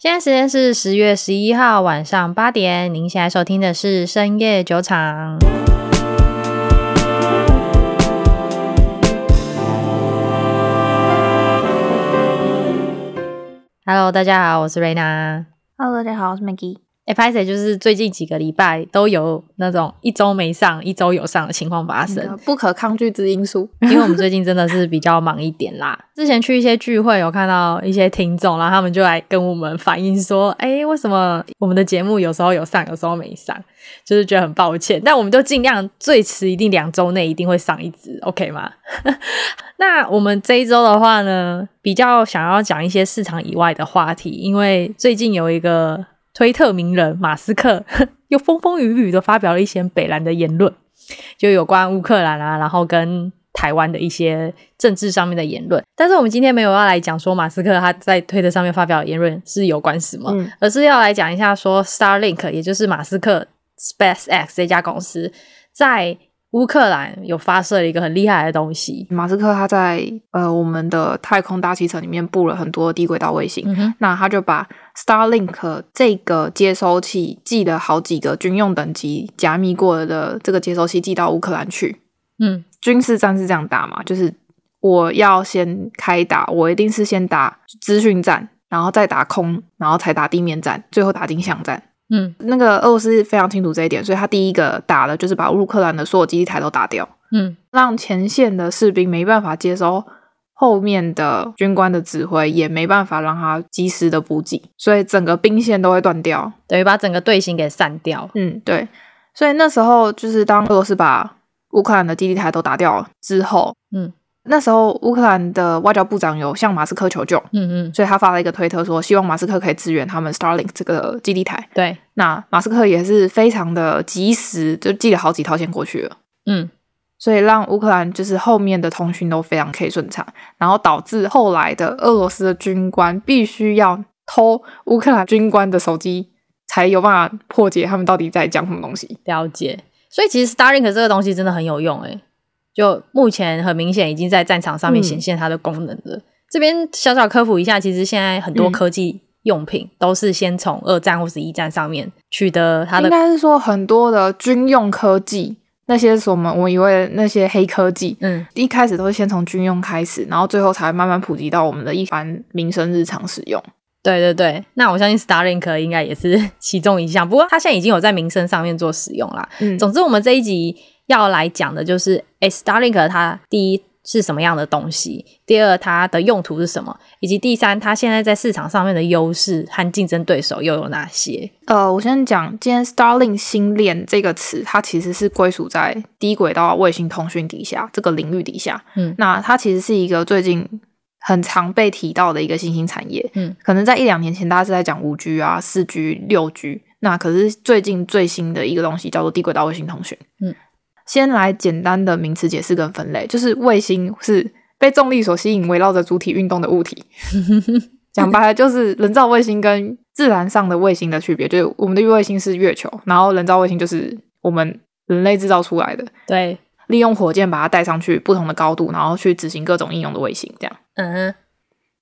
現在時間是十月十一號晚上八點，您現在收聽的是深夜酒場。 Hello，大家好，我是 Raina。Hello，大家好，我是 Maggie。哎不好意思、欸、就是最近幾個禮拜都有那種一周沒上、一周有上的情況發生、嗯，不可抗拒之因素。 因為我們最近真的是比較忙一點啦。之前去一些聚會，有看到一些聽眾，然後他們就來跟我們反映說：“哎、欸，為什麼我們的節目有時候有上，有時候沒上？就是覺得很抱歉。”但我們就盡量，最遲一定兩周內一定會上一次，OK 嗎？ 那我們這一周的話呢，比較想要講一些市場以外的話題，因為最近有一個。推特名人馬斯克又風風雨雨的發表了一些北蘭的言論，就有關烏克蘭啊，然後跟台灣的一些政治上面的言論。但是我們今天沒有要來講說馬斯克他在推特上面發表的言論是有關什麼、嗯、而是要來講一下說 Starlink，也就是馬斯克 SpaceX 這家公司在。烏克蘭有發射了一個很厲害的東西，馬斯克他在呃，我們的太空大氣層裡面布了很多低軌道衛星，嗯、哼那他就把 Starlink 這個接收器寄了好幾個軍用等級加密過的這個接收器寄到烏克蘭去。嗯，軍事戰是這樣打嘛，就是我要先開打，我一定是先打資訊戰，然後再打空，然後才打地面戰，最後打進巷戰。嗯，那個俄羅斯非常清楚這一點，所以他第一個打的就是把烏克蘭的所有基地台都打掉，嗯，讓前線的士兵沒辦法接收後面的軍官的指揮，也沒辦法讓他及時的補給，所以整個兵線都會斷掉，等於把整個隊形給散掉。嗯，對，所以那時候就是當俄羅斯把烏克蘭的基地台都打掉了之後，嗯。那時候，烏克蘭的外交部長有向馬斯克求救，嗯嗯，所以他發了一個推特說，希望馬斯克可以支援他們 Starlink 這個基地台。對，那馬斯克也是非常的及時，就寄了好幾套先過去了，嗯，所以讓烏克蘭就是後面的通訊都非常可以順暢，然後導致後來的俄羅斯的軍官必須要偷烏克蘭軍官的手機，才有辦法破解他們到底在講什麼東西。了解，所以其實 Starlink 這個東西真的很有用，欸，就目前很明顯已經在戰場上面顯現它的功能了。嗯、這邊小小科普一下，其實現在很多科技用品都是先從二戰或是一戰上面取得它的。應該是說很多的軍用科技，那些什麼，我以為那些黑科技，嗯，一開始都是先從軍用開始，然後最後才慢慢普及到我們的一般民生日常使用。對對對，那我相信 Starlink 應該也是 其中一項，不過它現在已經有在民生上面做使用啦。嗯，總之我們這一集。要來講的就是、欸、Starlink 它第一是什麼樣的東西，第二它的用途是什麼，以及第三它現在在市場上面的優勢和競爭對手又有哪些？呃，我先講，今天 Starlink 星鏈這個詞，它其實是歸屬在低軌道衛星通訊底下這個領域底下。嗯，那它其實是一個最近很常被提到的一個新興產業。嗯，可能在一兩年前大家是在講五 G 啊、四 G、六 G，那可是最近最新的一個東西叫做低軌道衛星通訊。嗯。先來簡單的名詞解釋跟分類，就是衛星是被重力所吸引，圍繞着主體運動的物體。 講白了，就是人造衛星跟自然上的衛星的區別，就是我們的月衛星是月球，然後人造衛星就是我們人類製造出來的，對，利用火箭把它帶上去不同的高度，然後去執行各種應用的衛星這樣。嗯，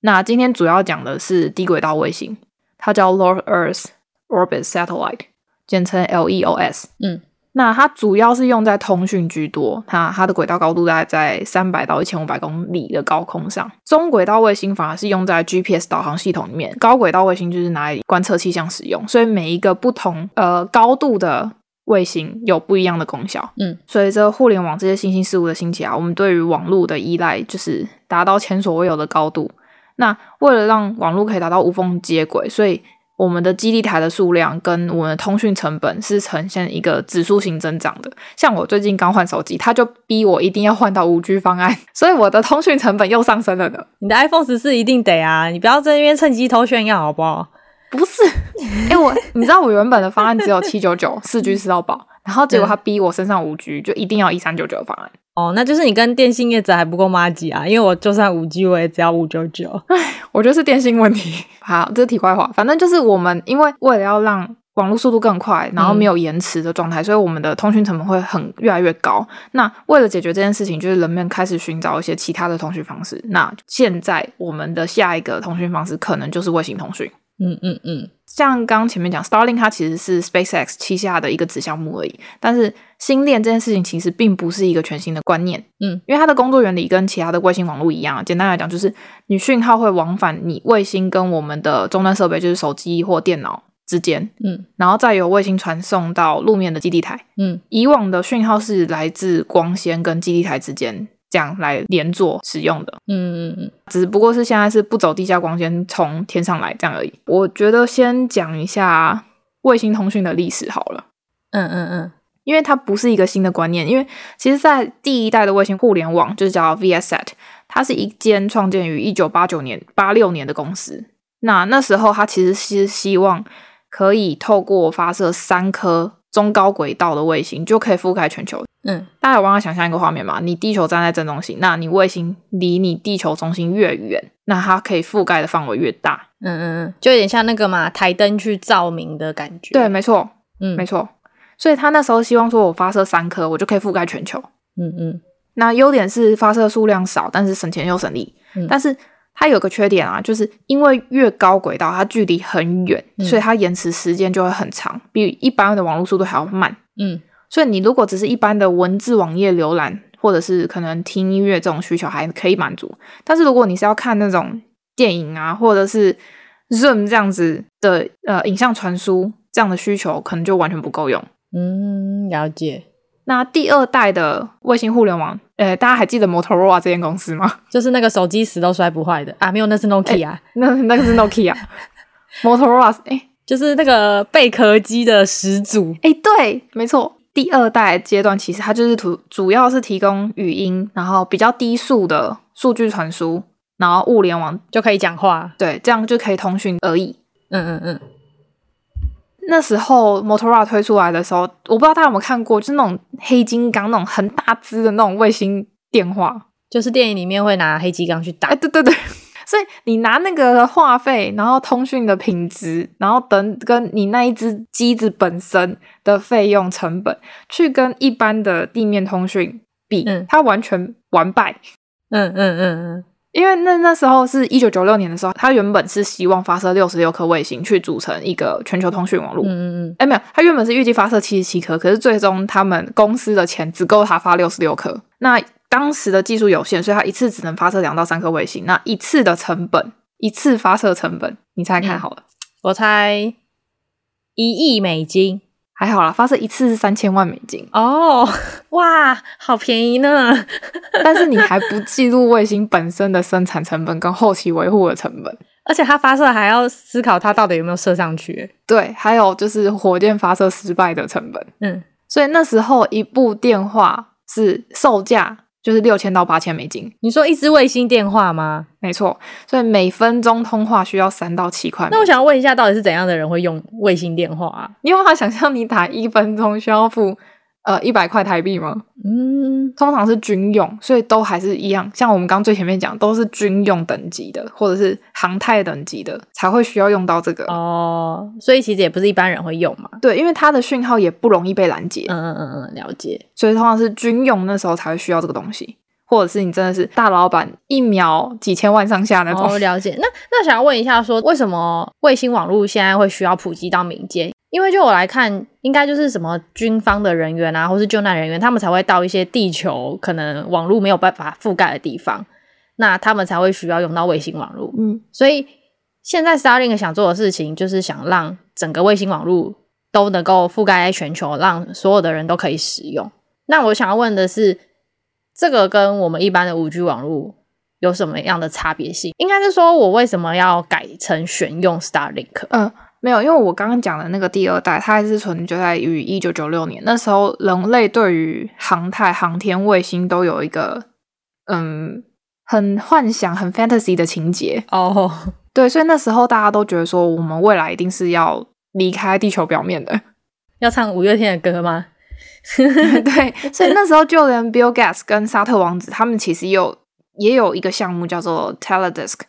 那今天主要講的是低軌道衛星，它叫 Low Earth Orbit Satellite，簡稱 LEOS。E o S、嗯。那它主要是用在通訊居多，它它的軌道高度大概在三百到一千五百公里的高空上。中軌道衛星反而是用在 GPS 導航系統裡面，高軌道衛星就是拿來觀測氣象使用。所以每一個不同呃高度的衛星有不一樣的功效。嗯，隨着互聯網這些新興事物的興起啊，我們對於網絡的依賴就是達到前所未有的高度。那為了讓網絡可以達到無縫接軌，所以我們的基地台的數量跟我們的通訊成本是呈現一個指數型增長的。像我最近剛換手機，他就逼我一定要換到五 G 方案，所以我的通訊成本又上升了呢。你的 iPhone 十四一定得啊，你不要在那邊趁機偷炫耀好不好？不是，哎、欸、我， 你知道我原本的方案只有七九九，四 G 吃到飽，然後結果他逼我身上五 G，就一定要一三九九的方案。哦，那就是你跟電信業者還不夠麻吉啊？因為我就算五 G，我也只要五九九。哎， 我覺得是電信問題。好，這是題外話。反正就是我們，因為為了要讓網絡速度更快，然後沒有延遲的狀態，嗯、所以我們的通訊成本會很越來越高。那為了解決這件事情，就是人們開始尋找一些其他的通訊方式。那現在我們的下一個通訊方式可能就是衛星通訊。嗯。嗯嗯嗯。像剛前面講，Starlink 它其實是 SpaceX 旗下的一個子項目而已。但是星鏈這件事情其實並不是一個全新的觀念，嗯，因為它的工作原理跟其他的衛星網絡一樣。簡單來講，就是你訊號會往返你衛星跟我們的終端設備，就是手機或電腦之間，嗯，然後再由衛星傳送到路面的基地台，嗯，以往的訊號是來自光纖跟基地台之間。這樣來連坐使用的，嗯嗯嗯，只不過是現在是不走地下光纖，從天上來這樣而已。我覺得先講一下衛星通訊的歷史好了，嗯嗯嗯，嗯嗯，因為它不是一個新的觀念，因為其實在第一代的衛星互聯網就是叫 VSAT，它是一間創建於一九八九年八六年的公司。那那時候它其實是希望可以透過發射三顆。中高軌道的衛星就可以覆蓋全球。嗯，大家有辦法想象一個畫面嗎？你地球站在正中心，那你衛星離你地球中心越遠，那它可以覆蓋的範圍越大。嗯嗯嗯，就有點像那個嘛，檯燈去照明的感覺。對，沒錯。嗯，沒錯。所以他那時候希望說，我發射三顆，我就可以覆蓋全球。嗯嗯。那優點是發射數量少，但是省錢又省力。嗯。但是。它有個缺點啊，就是因為越高軌道，它距離很遠，嗯，所以它延遲時間就會很長，比一般的網絡速度還要慢。嗯，所以你如果只是一般的文字網頁瀏覽，或者是可能聽音樂這種需求還可以滿足，但是如果你是要看那種電影啊，或者是 Zoom 這樣子的呃影像傳輸這樣的需求，可能就完全不夠用。嗯，了解。那第二代的衛星互聯網，誒、欸，大家還記得 Motorola 這間公司嗎？就是那個手機死都摔不壞的啊，沒有，那是 Nokia，、ok 欸、那那個是 Nokia，Motorola，、ok、哎， 欸、就是那個貝殼機的始祖，哎、欸，對，沒錯。第二代階段其實它就是主要是提供語音，然後比較低速的數據傳輸，然後物聯網就可以講話，對，這樣就可以通訊而已。嗯嗯嗯。那時候 Motorola 推出來的時候，我不知道大家有沒有看過，就是那種黑金剛那種很大只的那種衛星電話，就是電影裡面會拿黑金剛去打。哎，對對對， 所以你拿那個話費，然後通訊的品質，然後等跟你那一隻機子本身的費用成本去跟一般的地面通訊比，嗯，它完全完敗。嗯嗯嗯嗯。嗯嗯因為那那時候是一九九六年的時候，他原本是希望發射六十六顆衛星去組成一個全球通訊網絡。嗯嗯嗯，哎，沒有，他原本是預計發射七十七顆，可是最終他們公司的錢只夠他發六十六顆。那當時的技術有限，所以他一次只能發射兩到三顆衛星。那一次的成本，一次發射成本，你猜看好了，嗯、我猜一億美金。還好啦，發射一次是三千萬美金哦，oh, 哇，好便宜呢！ 但是你還不記錄衛星本身的生產成本跟後期維護的成本，而且它發射還要思考它到底有沒有射上去。對，還有就是火箭發射失敗的成本。嗯，所以那時候一部電話是售價就是六千到八千美金。你說一支衛星電話嗎？沒錯，所以每分鐘通話需要三到七塊。那我想問一下，到底是怎樣的人會用衛星電話啊？你有沒有想象你打一分鐘需要付？呃，一百塊台幣嗎？嗯，通常是軍用，所以都還是一樣。像我們剛剛最前面講，都是軍用等級的，或者是航太等級的，才會需要用到這個。哦，所以其實也不是一般人會用嘛。對，因為它的訊號也不容易被攔截。嗯嗯嗯，了解。所以通常是軍用那時候才會需要這個東西，或者是你真的是大老闆，一秒幾千萬上下那種。哦，了解。那那想要問一下，說為什麼衛星網絡現在會需要普及到民間？因為就我來看，應該就是什麼軍方的人員啊，或是救難人員，他們才會到一些地球可能網絡沒有辦法覆蓋的地方，那他們才會需要用到衛星網絡。嗯，所以現在 Starlink 想做的事情，就是想讓整個衛星網絡都能夠覆蓋在全球，讓所有的人都可以使用。那我想要問的是，這個跟我們一般的 5G 網絡有什麼樣的差別性？應該是說我為什麼要改成選用 Starlink？嗯。沒有，因為我剛剛講的那個第二代，它還是存在於一九九六年。那時候，人類對於航太、航天、衛星都有一個嗯，很幻想、很 fantasy 的情節哦。Oh. 對，所以那時候大家都覺得說，我們未來一定是要離開地球表面的。要唱五月天的歌嗎？ 對，所以那時候就連 Bill Gates 跟沙特王子，他們其實也有也有一個項目叫做 Teledesic。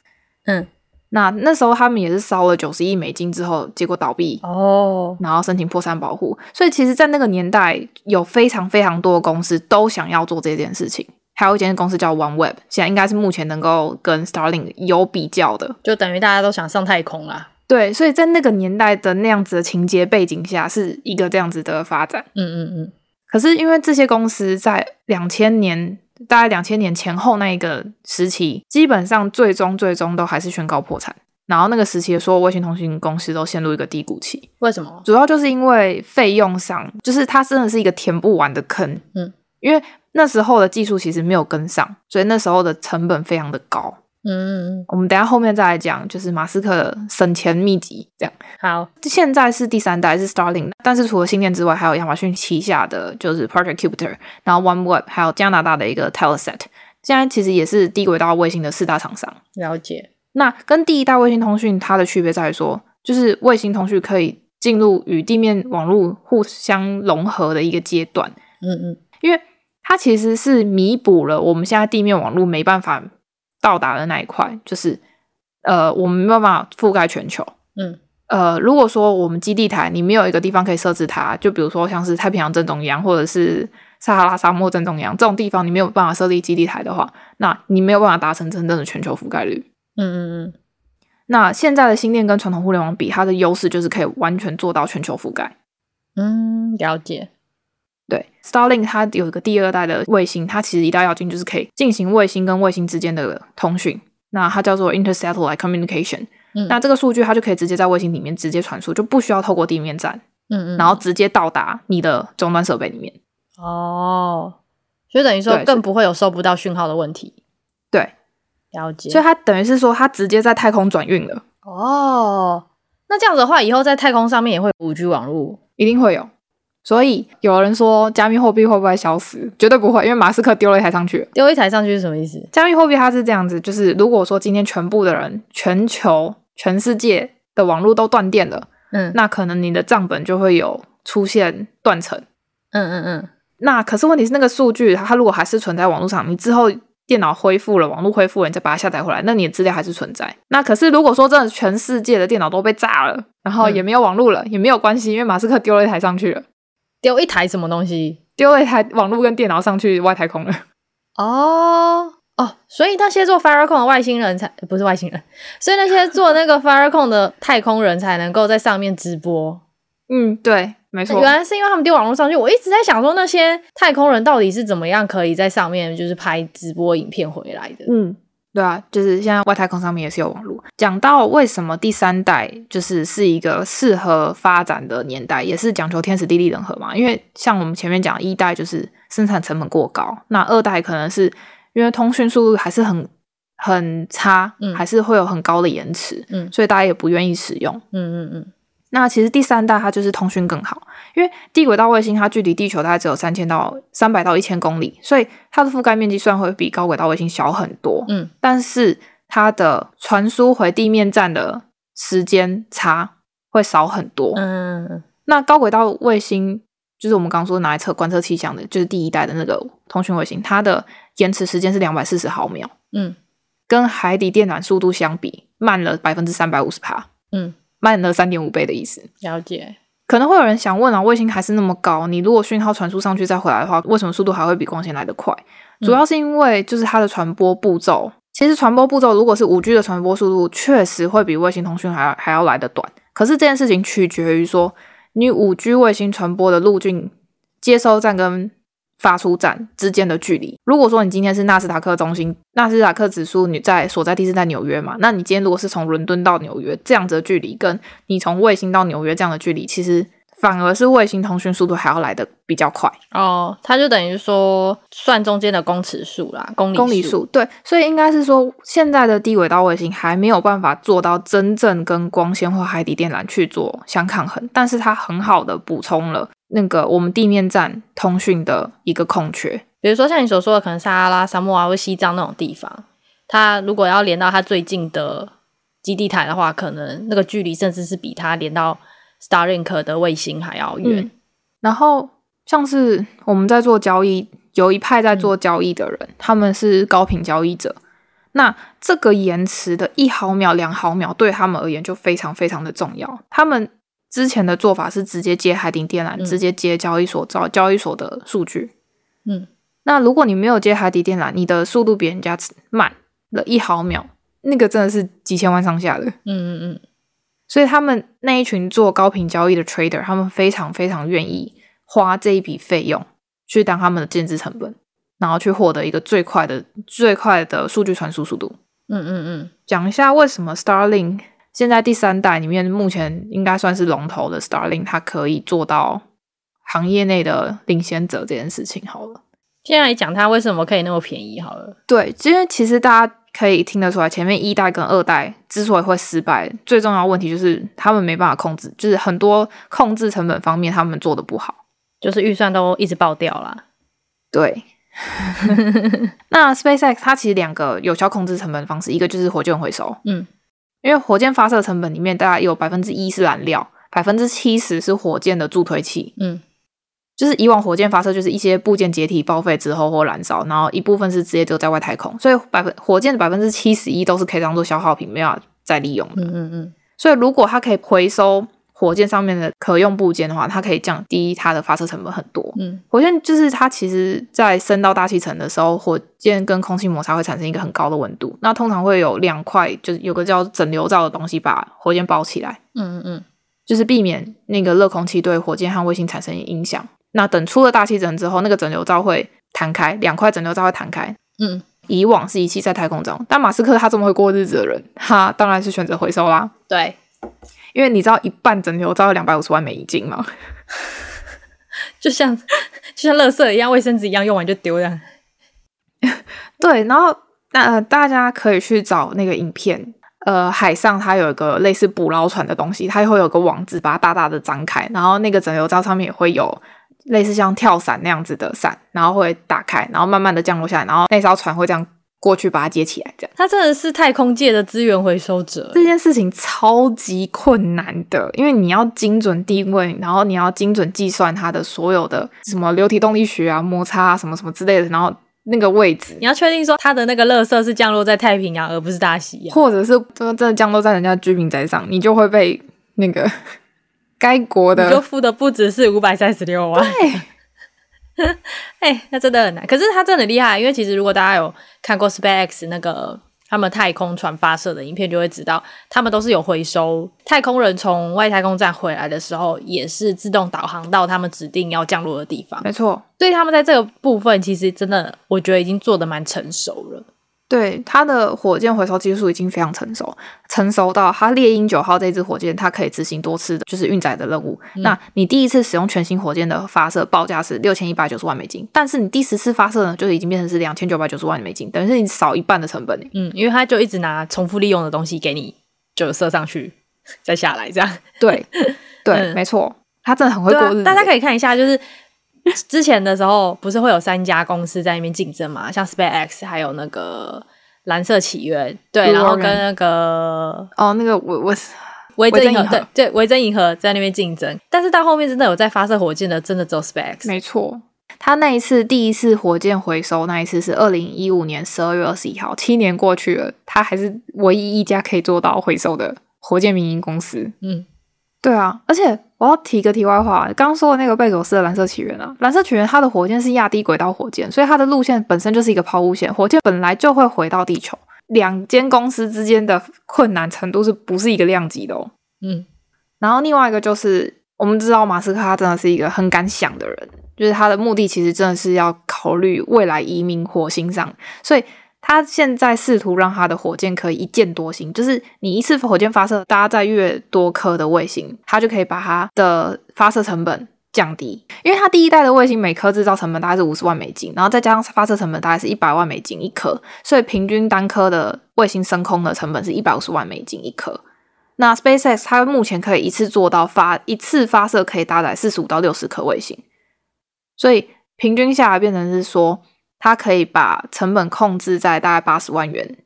嗯。那那時候他們也是燒了九十億美金之後，結果倒閉哦，oh. 然後申請破產保護。所以其實，在那個年代，有非常非常多的公司都想要做這件事情。還有一間公司叫 OneWeb，現在應該是目前能夠跟 Starlink 有比較的，就等於大家都想上太空啦、啊。對，所以在那個年代的那樣子的情節背景下，是一個這樣子的發展。嗯嗯嗯。可是因為這些公司在兩千年。大概兩千年前後那一個時期，基本上最終最終都還是宣告破產。然後那個時期的所有衛星通訊公司都陷入一個低谷期。為什麼？主要就是因為費用上，就是它真的是一個填不完的坑。嗯，因為那時候的技術其實沒有跟上，所以那時候的成本非常的高。嗯， 我們等下後面再來講，就是馬斯克的省錢祕籍這樣。好，現在是第三代是 Starlink，但是除了星鏈之外，還有亞馬遜旗下的就是 Project Kuiper，然後 OneWeb，還有加拿大的一個 Telesat，現在其實也是低軌道衛星的四大廠商。了解。那跟第一代衛星通訊它的區別在於說，就是衛星通訊可以進入與地面網絡互相融合的一個階段。嗯嗯，因為它其實是彌補了我們現在地面網絡沒辦法。到達的那一塊，就是呃，我們沒有辦法覆蓋全球。嗯，呃，如果說我們基地台你沒有一個地方可以設置它，就比如說像是太平洋正中央，或者是撒哈拉沙漠正中央這種地方，你沒有辦法設立基地台的話，那你沒有辦法達成真正的全球覆蓋率。嗯嗯嗯。那現在的星鏈跟傳統互聯網比，它的優勢就是可以完全做到全球覆蓋。嗯，了解。對，Starlink 它有一個第二代的衛星，它其實一大要件就是可以進行衛星跟衛星之間的通訊。那它叫做 Inter-Satellite Communication，嗯。那這個數據它就可以直接在衛星裡面直接傳輸，就不需要透過地面站，嗯嗯，然後直接到達你的終端設備裡面。哦，所以等於說更不會有收不到訊號的問題。對，對，了解。所以它等於是說，它直接在太空轉運了。哦，那這樣子的話，以後在太空上面也會有 5G 網絡？一定會有。所以有人說加密貨幣會不會消失？絕對不會，因為馬斯克丟了一台上去了。丟一台上去是什麼意思？加密貨幣它是這樣子，就是如果說今天全部的人、全球、全世界的網絡都斷電了，嗯，那可能你的賬本就會有出現斷層。嗯嗯嗯。那可是問題是那個數據，它如果還是存在網絡上，你之後電腦恢復了，網絡恢復了，你再把它下載回來，那你的資料還是存在。那可是如果說真的全世界的電腦都被炸了，然後也沒有網絡了，嗯、也沒有關係，因為馬斯克丟了一台上去了。丟一台什麼東西？丟一台網絡跟電腦上去外太空了。哦哦，所以那些做 Falcon 的外星人才不是外星人，所以那些做那個 Falcon 的太空人才能夠在上面直播。 嗯，對，沒錯。原來是因為他們丟網絡上去。我一直在想說，那些太空人到底是怎麼樣可以在上面就是拍直播影片回來的？嗯。對啊，就是現在外太空上面也是有網絡。講到為什麼第三代就是是一個適合發展的年代，也是講求天時地利人和嘛。因為像我們前面講，一代就是生產成本過高，那二代可能是因為通訊速度還是很很差，嗯，還是會有很高的延遲，嗯，所以大家也不願意使用，嗯嗯嗯。那其實第三代它就是通訊更好，因為低軌道衛星它距離地球大概只有三千到三百到一千公里，所以它的覆蓋面積算會比高軌道衛星小很多。嗯，但是它的傳輸回地面站的時間差會少很多。嗯，那高軌道衛星就是我們剛剛說拿來測觀測氣象的，就是第一代的那個通訊衛星，它的延遲時間是兩百四十毫秒。嗯，跟海底電纜速度相比，慢了百分之三百五十趴。嗯。慢了三點五倍的意思，了解。可能會有人想問啊，衛星還是那麼高，你如果訊號傳輸上去再回來的話，為什麼速度還會比光纖來得快？嗯、主要是因為就是它的傳播步驟。其實傳播步驟如果是五 G 的傳播速度，確實會比衛星通訊還要還要來得短。可是這件事情取決於說你五 G 衛星傳播的路徑接收站跟。發出站之間的距離，如果說你今天是納斯達克中心，納斯達克指數你在所在地是在紐約嘛？那你今天如果是從倫敦到紐約，這樣子的距離跟你從衛星到紐約這樣的距離，其實反而是衛星通訊速度還要來的比較快。哦，它就等於說算中間的公尺數啦，公里數公里數。對，所以應該是說現在的低軌道衛星還沒有辦法做到真正跟光纖或海底電纜去做相抗衡，但是它很好的補充了。那個我們地面站通訊的一個空缺，比如說像你所說的，可能撒哈拉沙漠啊，或者西藏那種地方，它如果要連到它最近的基地台的話，可能那個距離甚至是比它連到 Starlink 的衛星還要遠。嗯，然後像是我們在做交易，有一派在做交易的人，嗯。他們是高頻交易者，那這個延遲的一毫秒、兩毫秒對他們而言就非常非常的重要，他們。之前的做法是直接接海底電纜，嗯、直接接交易所，找交易所的數據。嗯，那如果你沒有接海底電纜，你的速度比人家慢了一毫秒，那個真的是幾千萬上下的。嗯嗯嗯。所以他們那一群做高頻交易的 trader，他們非常非常願意花這一筆費用去當他們的建置成本，然後去獲得一個最快的、最快的數據傳輸速度。嗯嗯嗯。講一下為什麼 Starlink。現在第三代裡面，目前應該算是龍頭的 Starlink，它可以做到行業內的領先者這件事情。好了，現在講它為什麼可以那麼便宜。好了，對，因為其實大家可以聽得出來，前面一代跟二代之所以會失敗，最重要的問題就是他們沒辦法控制，就是很多控制成本方面他們做的不好，就是預算都一直爆掉啦。對， 那 SpaceX 它其實兩個有效控制成本的方式，一個就是火箭回收，嗯。因為火箭發射成本裡面大概有百分之一是燃料，百分之七十是火箭的助推器。嗯，就是以往火箭發射，就是一些部件解體報廢之後或燃燒，然後一部分是直接就在外太空，所以百分火箭的百分之七十一都是可以當做消耗品，沒有辦法再利用的。嗯，嗯嗯，所以如果它可以回收，火箭上面的可用部件的話，它可以降低它的發射成本很多。嗯，火箭就是它，其實在升到大氣層的時候，火箭跟空氣摩擦會產生一個很高的溫度。那通常會有兩塊，就是有個叫整流罩的東西把火箭包起來。嗯嗯嗯，就是避免那個熱空氣對火箭和衛星產生影響。那等出了大氣層之後，那個整流罩會彈開，兩塊整流罩會彈開。嗯，以往是遺棄在太空中，但馬斯克他這麼會過日子的人，他當然是選擇回收啦。對。因為你知道，一半整流罩要兩百五十萬美金嗎？就像就像垃圾一樣，衛生紙一樣，用完就丟掉。 對，然後那、呃、大家可以去找那個影片，呃，海上它有一個類似捕撈船的東西，它會有個網子，把它大大的張開，然後那個整流罩上面也會有類似像跳傘那樣子的傘，然後會打開，然後慢慢的降落下來，然後那艘船會這樣，過去把它接起來，這樣。它真的是太空界的資源回收者。這件事情超級困難的，因為你要精準定位，然後你要精準計算它的所有的什麼流體動力學啊、摩擦啊什麼什麼之類的，然後那個位置你要確定說它的那個垃圾是降落在太平洋而不是大西洋，啊，或者是真的降落在人家居民宅上，你就會被那個 該國的你就付的不止是五百三十六萬。對。哎、 欸，那真的很難。可是他真的很厲害，因為其實如果大家有看過 SpaceX 那個他們太空船發射的影片，就會知道他們都是有回收太空人從外太空站回來的時候，也是自動導航到他們指定要降落的地方。沒錯，所以他們在這個部分其實真的，我覺得已經做得蠻成熟了。對，它的火箭回收技術已經非常成熟，成熟到它獵鷹九號這支火箭，它可以執行多次的就是運載的任務。嗯、那你第一次使用全新火箭的發射報價是六千一百九十萬美金，但是你第十次發射呢，就已經變成是兩千九百九十萬美金，等於是你少一半的成本。嗯，因為他就一直拿重複利用的東西給你，就射上去再下來這樣。對對，對 嗯、沒錯，他真的很會過日子。啊、大家可以看一下，就是。之前的時候不是會有三家公司在那邊競爭嘛？像 SpaceX 還有那個藍色起源，對，oo 然後跟那個哦，oh, 那個我我是維珍銀河，河，對，維珍銀河在那邊競爭，但是到後面真的有在發射火箭的，真的只有 SpaceX。沒錯，他那一次第一次火箭回收那一次是二零一五年十二月二十一號，七年過去了，他還是唯一一家可以做到回收的火箭民營公司。嗯，對啊，而且。我要提個題外話，剛剛說的那個貝佐斯的藍色起源啊，藍色起源它的火箭是亞低軌道火箭，所以它的路線本身就是一個拋物線，火箭本來就會回到地球。兩間公司之間的困難程度是不是一個量級的哦？嗯，然後另外一個就是，我們知道馬斯克他真的是一個很敢想的人，就是他的目的其實真的是要考慮未來移民火星上，所以。它現在試圖讓它的火箭可以一箭多星，就是你一次火箭發射搭載越多顆的衛星，它就可以把它的發射成本降低。因為它第一代的衛星每顆製造成本大概是五十萬美金，然後再加上發射成本大概是一百萬美金一顆，所以平均單顆的衛星升空的成本是一百五十萬美金一顆。那 SpaceX 它目前可以一次做到發，一次發射可以搭載四十五到六十顆衛星，所以平均下來變成是說。它可以把成本控制在大概八十萬元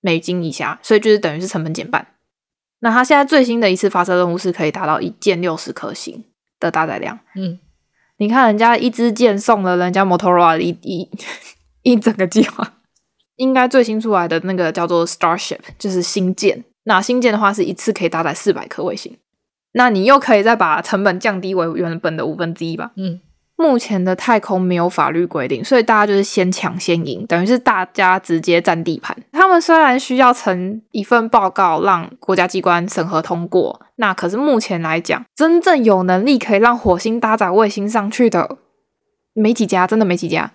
美金以下，所以就是等於是成本減半。那它現在最新的一次發射任務是可以達到一箭六十顆星的搭載量。嗯，你看人家一支箭送了人家 Motorola 一一一整個計劃。 應該最新出來的那個叫做 Starship，就是星艦。那星艦的話是一次可以搭載四百顆衛星，那你又可以再把成本降低為原本的五分之一吧？嗯。目前的太空沒有法律規定，所以大家就是先搶先贏，等於是大家直接占地盤。他們雖然需要呈一份報告讓國家機關審核通過，那可是目前來講，真正有能力可以讓火星搭載衛星上去的，沒幾家，真的沒幾家。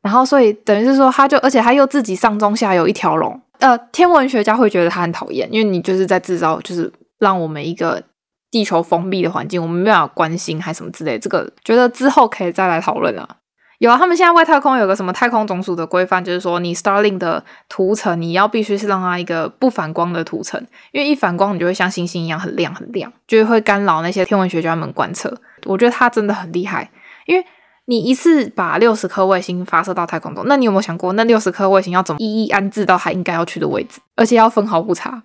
然後，所以等於是說，他就而且他又自己上中下游一條龍。呃，天文學家會覺得他很討厭，因為你就是在製造，就是讓我們一個。地球封閉的環境，我們沒有辦法關心還什麼之類，這個覺得之後可以再來討論啊。有啊，他們現在外太空有個什麼太空總署的規範，就是說你 Starlink 的塗層你要必須是讓它一個不反光的塗層，因為一反光你就會像星星一樣很亮很亮，就會干擾那些天文學家們觀測。我覺得它真的很厲害，因為你一次把六十顆衛星發射到太空中，那你有沒有想過那六十顆衛星要怎麼一一安置到它應該要去的位置，而且要分毫不差，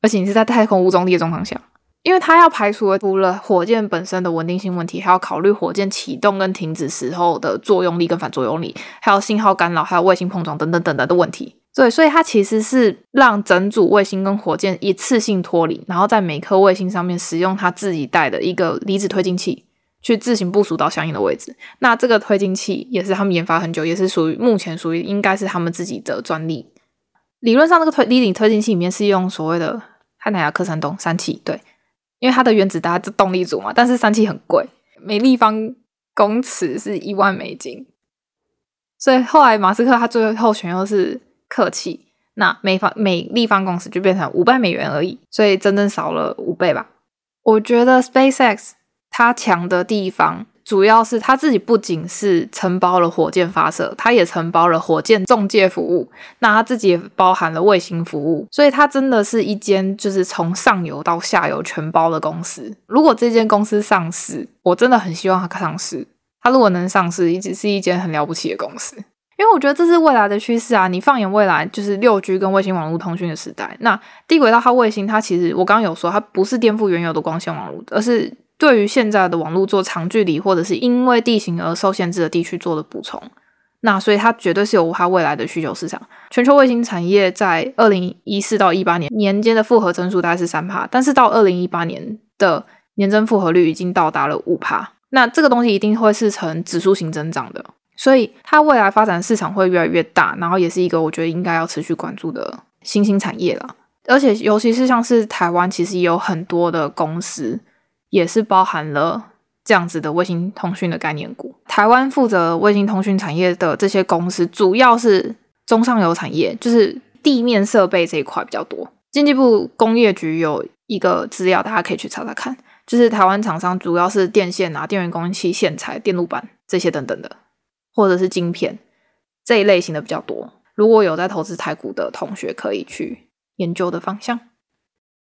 而且你是在太空無重力的狀況下。因為它要排除除了火箭本身的穩定性問題，還要考慮火箭啟動跟停止時候的作用力跟反作用力，還有信號干擾，還有衛星碰撞等等等等的問題。對，所以它其實是讓整組衛星跟火箭一次性脫離，然後在每顆衛星上面使用它自己帶的一個離子推進器去自行部署到相應的位置。那這個推進器也是他們研發很久，也是屬於目前屬於應該是他們自己的專利。理論上，這個推離子推進器裡面是用所謂的氦氖氬氪氙氡三氣，對。因為它的原子家都動力組嘛，但是氙氣很貴，每立方公尺是一萬美金，所以後來馬斯克他最後選又是氪氣，那每方每立方公尺就變成五百美元而已，所以真正少了五倍吧。我覺得 SpaceX 它強的地方。主要是他自己不僅是承包了火箭發射，他也承包了火箭中介服務，那他自己也包含了衛星服務，所以他真的是一間就是從上游到下游全包的公司。如果這間公司上市，我真的很希望它上市。它如果能上市，一直是一間很了不起的公司，因為我覺得這是未來的趨勢啊。你放眼未來，就是六 G 跟衛星網絡通訊的時代。那低軌道它衛星，它其實我剛剛有說，它不是顛覆原有的光纖網絡，而是。對於現在的網絡做長距離或者是因為地形而受限制的地區做的補充，那所以它絕對是有它未來的需求市場。全球衛星產業在二零一四到一八年年間的複合增速大概是三趴，但是到二零一八年的年增複合率已經到達了五趴。那這個東西一定會是呈指數型增長的，所以它未來發展市場會越來越大，然後也是一個我覺得應該要持續關注的新興產業啦。而且尤其是像是台灣，其實也有很多的公司，也是包含了這樣子的衛星通訊的概念股。台灣負責衛星通訊產業的這些公司，主要是中上游產業，就是地面設備這一塊比較多。經濟部工業局有一個資料，大家可以去查查看，就是台灣廠商主要是電線啊、電源供應器、線材、電路板這些等等的，或者是晶片這一類型的比較多。如果有在投資台股的同學，可以去研究的方向。